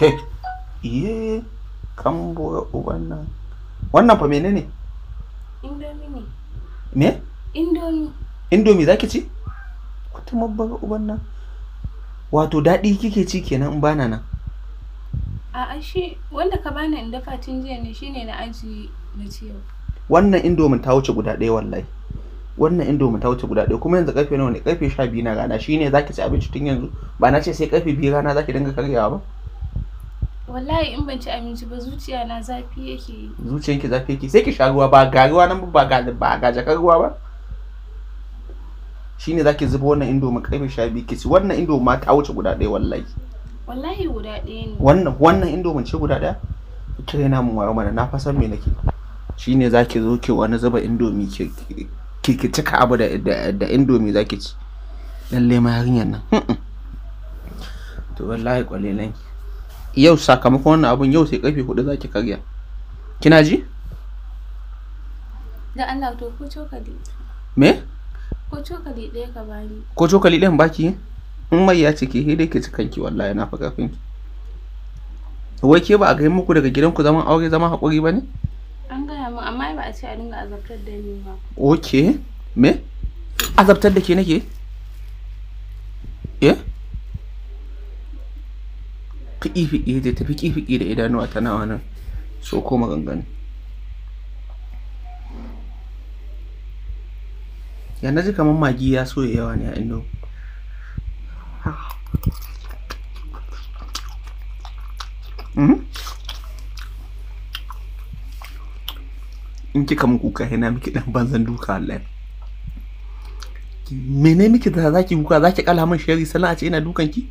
ke iye kambo uban nan wannan fa menene ne indomi ne me indomi indomi zaki ci wata mabbaga uban nan wato daɗi kike ci kenan in bana nan a shi wanda ka bani in dafa tun jiya ne shine na aji na ci wannan indomi ta wuce guda ɗaya wallahi wannan indomin ta wuce guda ɗaya kuma yanzu karfe nawa ne karfe 12 na rana shine zaki ci abinci tun yanzu ba na ce sai karfe 2 rana zaki dinga karyawa ba wallahi in ban ci abinci ba zuciya na zafi yake yi ki zafi yake sai ki sha ruwa ba ga ruwa nan ba ga ba ga jakar ruwa ba shine zaki zuba wannan sha karfe ki ci wannan indo ma ta wuce guda ɗaya wallahi wallahi guda ɗaya ne wannan wannan mun ce guda ɗaya ki rena mun wayo mana na fasan me nake shine zaki zo ki wani zuba indomi ki ki cika abu da da indomi zaki ci lalle ma yarinyar nan to wallahi kwalelan ki yau sakamakon wannan abun yau sai karfe hudu zaki karya kina ji da Allah to ko cokali me ko cokali ɗaya ka bani ko cokali ɗayan baki in mai ya cike he dai ke cikan ki wallahi na faga fin wai ke ba a gaya muku daga gidanku zaman aure zaman haƙuri ba ne an gaya mu amma ba a ce a dinga azabtar da ni ba okay me azabtar da ke nake eh fiƙi-fiƙi da ta fiƙi-fiƙi da idanuwa tana wani so ko maganganu yana ji kamar magi ya so yawa ne a indo hmm? in kika kamar kuka yana miki dan banzan duka Allah mene miki da zaki kuka zaki kala min shari sannan a ce ina dukan ki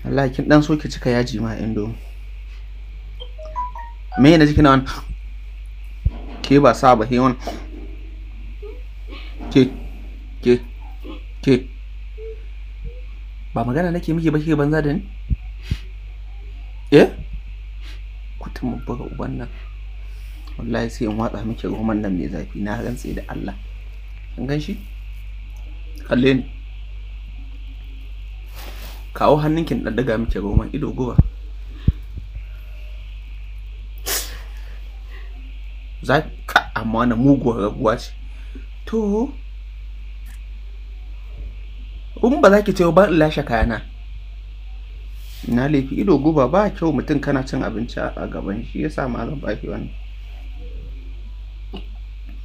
Allah kin dan so ki cika yaji ma indo me ne jikin nan ke ba sa ba hewan ke ke ke ba magana nake miki ba ke banza da ni eh kutum buga uban nan wallahi sai in watsa miki goman nan mai zafi na rantse da Allah an gan shi kalle ni kawo hannunki na miki roman ido guba za ka amma wani muguwar rabuwa ce to in ba za ki ce ba in lashe kayana na laifi ido guba ba kyau mutum kana cin abinci a gaban shi ya sa ma zan baki wani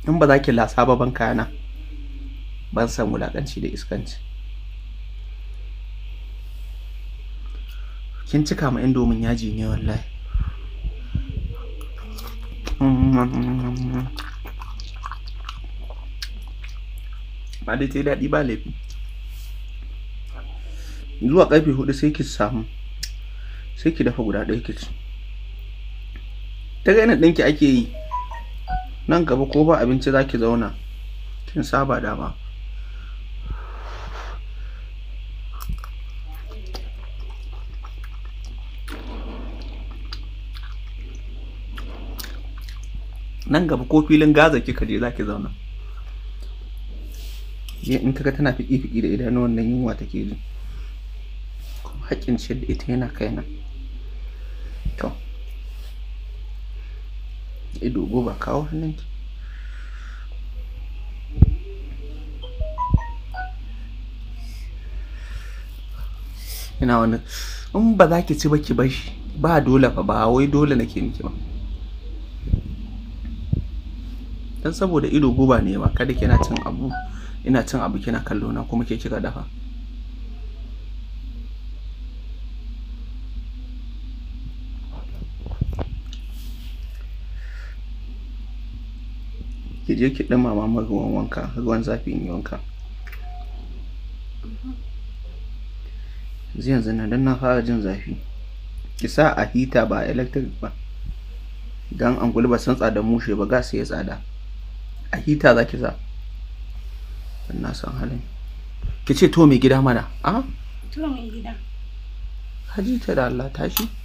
in ba za ki lasa ba ban kayana ban san wulakanci da iskanci kin cika ma indomin yaji ne wallahi ba dai ta yi daɗi ba laifi zuwa ƙarfe hudu sai ki samu sai ki dafa guda ɗaya kici ta gainin ɗinki ake yi nan gaba ko ba abinci za ki zauna kin saba dama nan gaba ko filin gaza kika je zaki zauna je in kaga tana fiki fiki da idanu wannan yunwa take ji kuma haƙƙin ciyar da ita yana kaina to ido ba kawo hannunki ina wani in ba za ki ci ba ki bashi ba dole fa ba wai dole nake miki ba dan saboda ido guba ne ba kada kina cin abu ina cin abu kina kallo na kuma ke kika dafa ki je ki dumama mama ruwan wanka ruwan zafi in yi wanka yanzu yanzu na don na fara jin zafi ki sa a hita ba electric ba don angulu ba san tsada mushe ba gas ya tsada a hita za ki za na san halin ki ce to mai gida mana a ah? to mai gida ta da Allah tashi